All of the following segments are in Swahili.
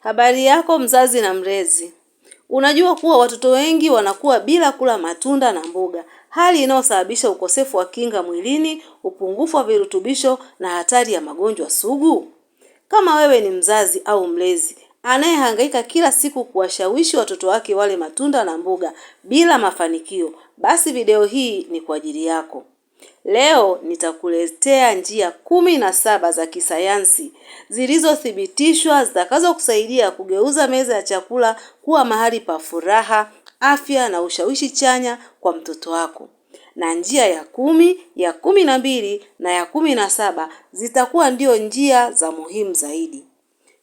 Habari yako mzazi na mlezi. Unajua kuwa watoto wengi wanakuwa bila kula matunda na mboga, hali inayosababisha ukosefu wa kinga mwilini, upungufu wa virutubisho na hatari ya magonjwa sugu. Kama wewe ni mzazi au mlezi anayehangaika kila siku kuwashawishi watoto wake wale matunda na mboga bila mafanikio, basi video hii ni kwa ajili yako. Leo nitakuletea njia kumi na saba za kisayansi zilizothibitishwa zitakazokusaidia kugeuza meza ya chakula kuwa mahali pa furaha, afya na ushawishi chanya kwa mtoto wako. Na njia ya kumi, ya kumi na mbili na ya kumi na saba zitakuwa ndio njia za muhimu zaidi.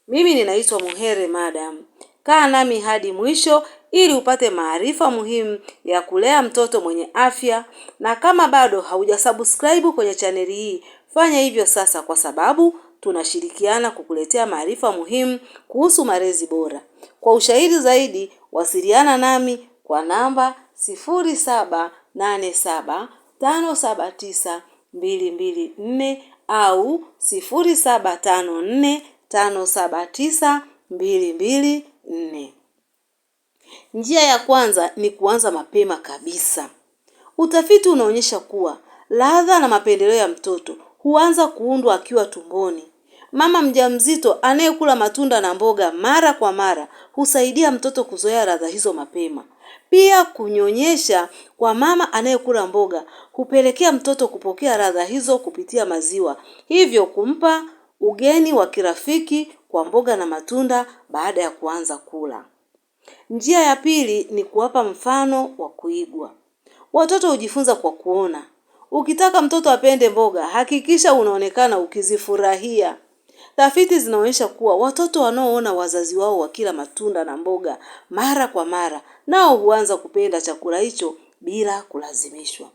Mimi ninaitwa Muhere Madam. Kaa nami hadi mwisho ili upate maarifa muhimu ya kulea mtoto mwenye afya. Na kama bado haujasubscribe kwenye chaneli hii, fanya hivyo sasa, kwa sababu tunashirikiana kukuletea maarifa muhimu kuhusu malezi bora. Kwa ushahidi zaidi, wasiliana nami kwa namba 0787579224 au 0754579224. Njia ya kwanza ni kuanza mapema kabisa. Utafiti unaonyesha kuwa ladha na mapendeleo ya mtoto huanza kuundwa akiwa tumboni. Mama mjamzito anayekula matunda na mboga mara kwa mara husaidia mtoto kuzoea ladha hizo mapema. Pia kunyonyesha kwa mama anayekula mboga hupelekea mtoto kupokea ladha hizo kupitia maziwa. Hivyo kumpa ugeni wa kirafiki kwa mboga na matunda baada ya kuanza kula. Njia ya pili ni kuwapa mfano wa kuigwa. Watoto hujifunza kwa kuona. Ukitaka mtoto apende mboga, hakikisha unaonekana ukizifurahia. Tafiti zinaonyesha kuwa watoto wanaoona wazazi wao wakila matunda na mboga mara kwa mara nao huanza kupenda chakula hicho bila kulazimishwa.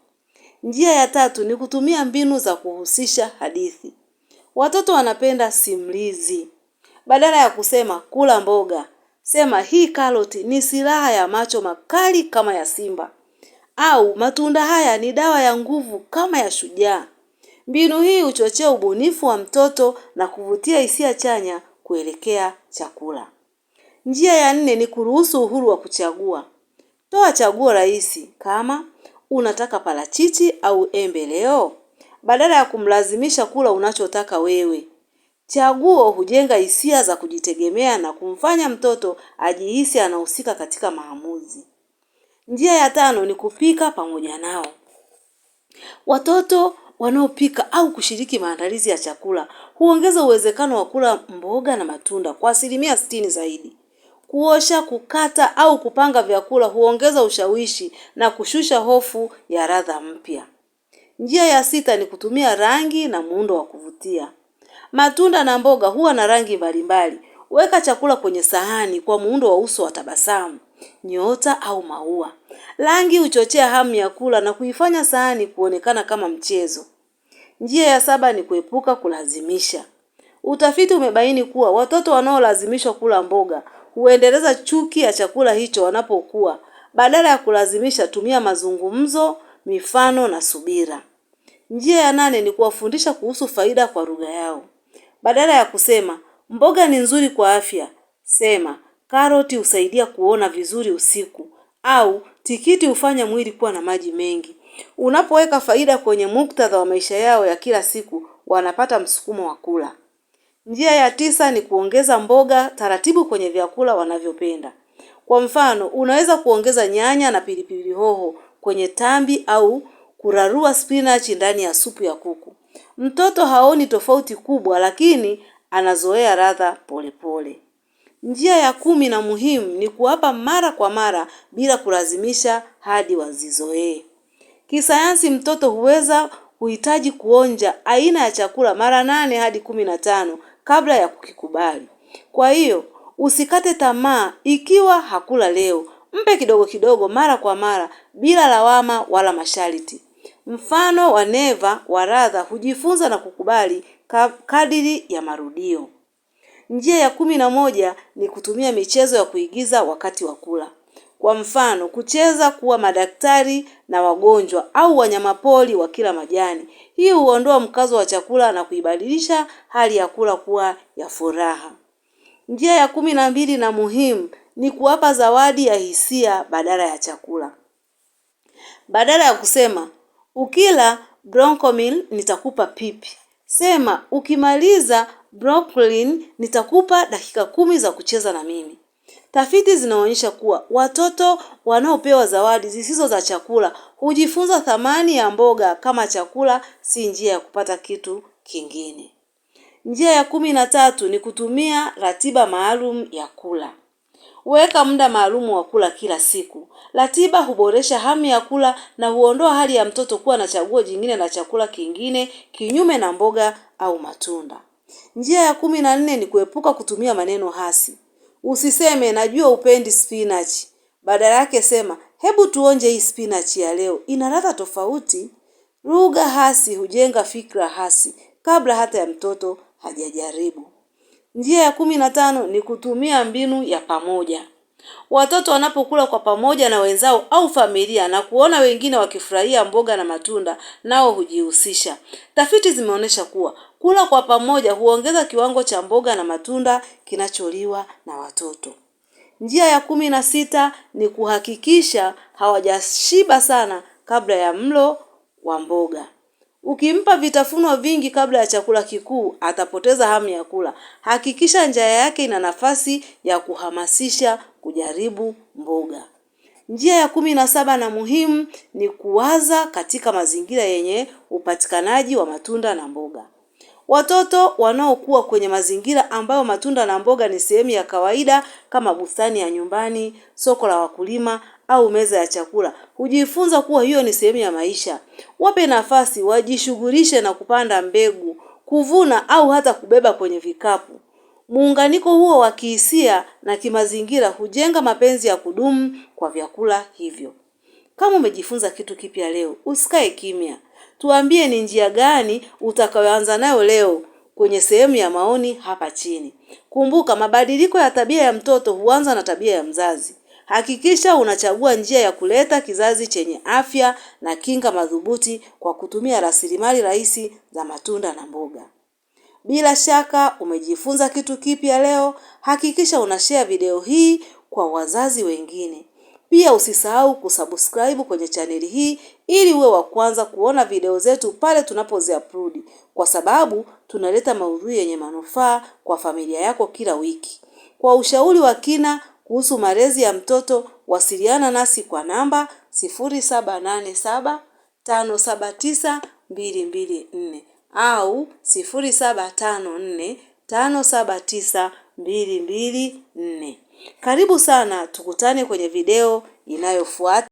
Njia ya tatu ni kutumia mbinu za kuhusisha hadithi. Watoto wanapenda simulizi. Badala ya kusema kula mboga, Sema hii karoti ni silaha ya macho makali kama ya simba, au matunda haya ni dawa ya nguvu kama ya shujaa. Mbinu hii huchochea ubunifu wa mtoto na kuvutia hisia chanya kuelekea chakula. Njia ya nne ni kuruhusu uhuru wa kuchagua. Toa chaguo rahisi kama unataka parachichi au embe leo, badala ya kumlazimisha kula unachotaka wewe. Chaguo hujenga hisia za kujitegemea na kumfanya mtoto ajihisi anahusika katika maamuzi. Njia ya tano ni kupika pamoja nao. Watoto wanaopika au kushiriki maandalizi ya chakula huongeza uwezekano wa kula mboga na matunda kwa asilimia sitini zaidi. Kuosha, kukata au kupanga vyakula huongeza ushawishi na kushusha hofu ya ladha mpya. Njia ya sita ni kutumia rangi na muundo wa kuvutia. Matunda na mboga huwa na rangi mbalimbali. Weka chakula kwenye sahani kwa muundo wa uso wa tabasamu, nyota au maua. Rangi huchochea hamu ya kula na kuifanya sahani kuonekana kama mchezo. Njia ya saba ni kuepuka kulazimisha. Utafiti umebaini kuwa watoto wanaolazimishwa kula mboga huendeleza chuki ya chakula hicho wanapokuwa. Badala ya kulazimisha, tumia mazungumzo, mifano na subira. Njia ya nane ni kuwafundisha kuhusu faida kwa lugha yao. Badala ya kusema mboga ni nzuri kwa afya, sema karoti husaidia kuona vizuri usiku au tikiti hufanya mwili kuwa na maji mengi. Unapoweka faida kwenye muktadha wa maisha yao ya kila siku, wanapata msukumo wa kula. Njia ya tisa ni kuongeza mboga taratibu kwenye vyakula wanavyopenda. Kwa mfano, unaweza kuongeza nyanya na pilipili hoho kwenye tambi au kurarua spinach ndani ya supu ya kuku. Mtoto haoni tofauti kubwa, lakini anazoea ladha polepole. Njia ya kumi na muhimu ni kuwapa mara kwa mara bila kulazimisha hadi wazizoee. Kisayansi, mtoto huweza kuhitaji kuonja aina ya chakula mara nane hadi kumi na tano kabla ya kukikubali. Kwa hiyo usikate tamaa ikiwa hakula leo, mpe kidogo kidogo mara kwa mara bila lawama wala masharti. Mfano wa neva wa radha hujifunza na kukubali kadiri ya marudio. Njia ya kumi na moja ni kutumia michezo ya kuigiza wakati wa kula. Kwa mfano, kucheza kuwa madaktari na wagonjwa au wanyamapori kila majani. Hii huondoa mkazo wa chakula na kuibadilisha hali ya kula kuwa ya furaha. Njia ya kumi na mbili na muhimu ni kuwapa zawadi ya hisia badala ya chakula. Badala ya kusema, Ukila bronchomil nitakupa pipi. Sema ukimaliza broccolin nitakupa dakika kumi za kucheza na mimi. Tafiti zinaonyesha kuwa watoto wanaopewa zawadi zisizo za chakula hujifunza thamani ya mboga kama chakula si njia ya kupata kitu kingine. Njia ya kumi na tatu ni kutumia ratiba maalum ya kula. Weka muda maalumu wa kula kila siku. Ratiba huboresha hamu ya kula na huondoa hali ya mtoto kuwa na chaguo jingine la chakula kingine kinyume na mboga au matunda. Njia ya kumi na nne ni kuepuka kutumia maneno hasi. Usiseme najua upendi spinachi. Badala yake sema hebu tuonje hii spinach ya leo. Ina ladha tofauti. Lugha hasi hujenga fikra hasi kabla hata ya mtoto hajajaribu. Njia ya kumi na tano ni kutumia mbinu ya pamoja. Watoto wanapokula kwa pamoja na wenzao au familia na kuona wengine wakifurahia mboga na matunda, nao hujihusisha. Tafiti zimeonyesha kuwa kula kwa pamoja huongeza kiwango cha mboga na matunda kinacholiwa na watoto. Njia ya kumi na sita ni kuhakikisha hawajashiba sana kabla ya mlo wa mboga. Ukimpa vitafunwa vingi kabla ya chakula kikuu, atapoteza hamu ya kula. Hakikisha njaa yake ina nafasi ya kuhamasisha kujaribu mboga. Njia ya kumi na saba na muhimu ni kuwaza katika mazingira yenye upatikanaji wa matunda na mboga. Watoto wanaokuwa kwenye mazingira ambayo matunda na mboga ni sehemu ya kawaida kama bustani ya nyumbani, soko la wakulima au meza ya chakula, hujifunza kuwa hiyo ni sehemu ya maisha. Wape nafasi wajishughulishe na kupanda mbegu, kuvuna au hata kubeba kwenye vikapu. Muunganiko huo wa kihisia na kimazingira hujenga mapenzi ya kudumu kwa vyakula hivyo. Kama umejifunza kitu kipya leo, usikae kimya. Tuambie ni njia gani utakayoanza nayo leo kwenye sehemu ya maoni hapa chini. Kumbuka, mabadiliko ya tabia ya mtoto huanza na tabia ya mzazi. Hakikisha unachagua njia ya kuleta kizazi chenye afya na kinga madhubuti kwa kutumia rasilimali rahisi za matunda na mboga. Bila shaka umejifunza kitu kipya leo, hakikisha unashare video hii kwa wazazi wengine. Pia usisahau kusubscribe kwenye chaneli hii ili uwe wa kwanza kuona video zetu pale tunapoziaplodi kwa sababu tunaleta maudhui yenye manufaa kwa familia yako kila wiki. Kwa ushauri wa kina kuhusu malezi ya mtoto wasiliana nasi kwa namba 0787579224 au 0754579224. Karibu sana, tukutane kwenye video inayofuata.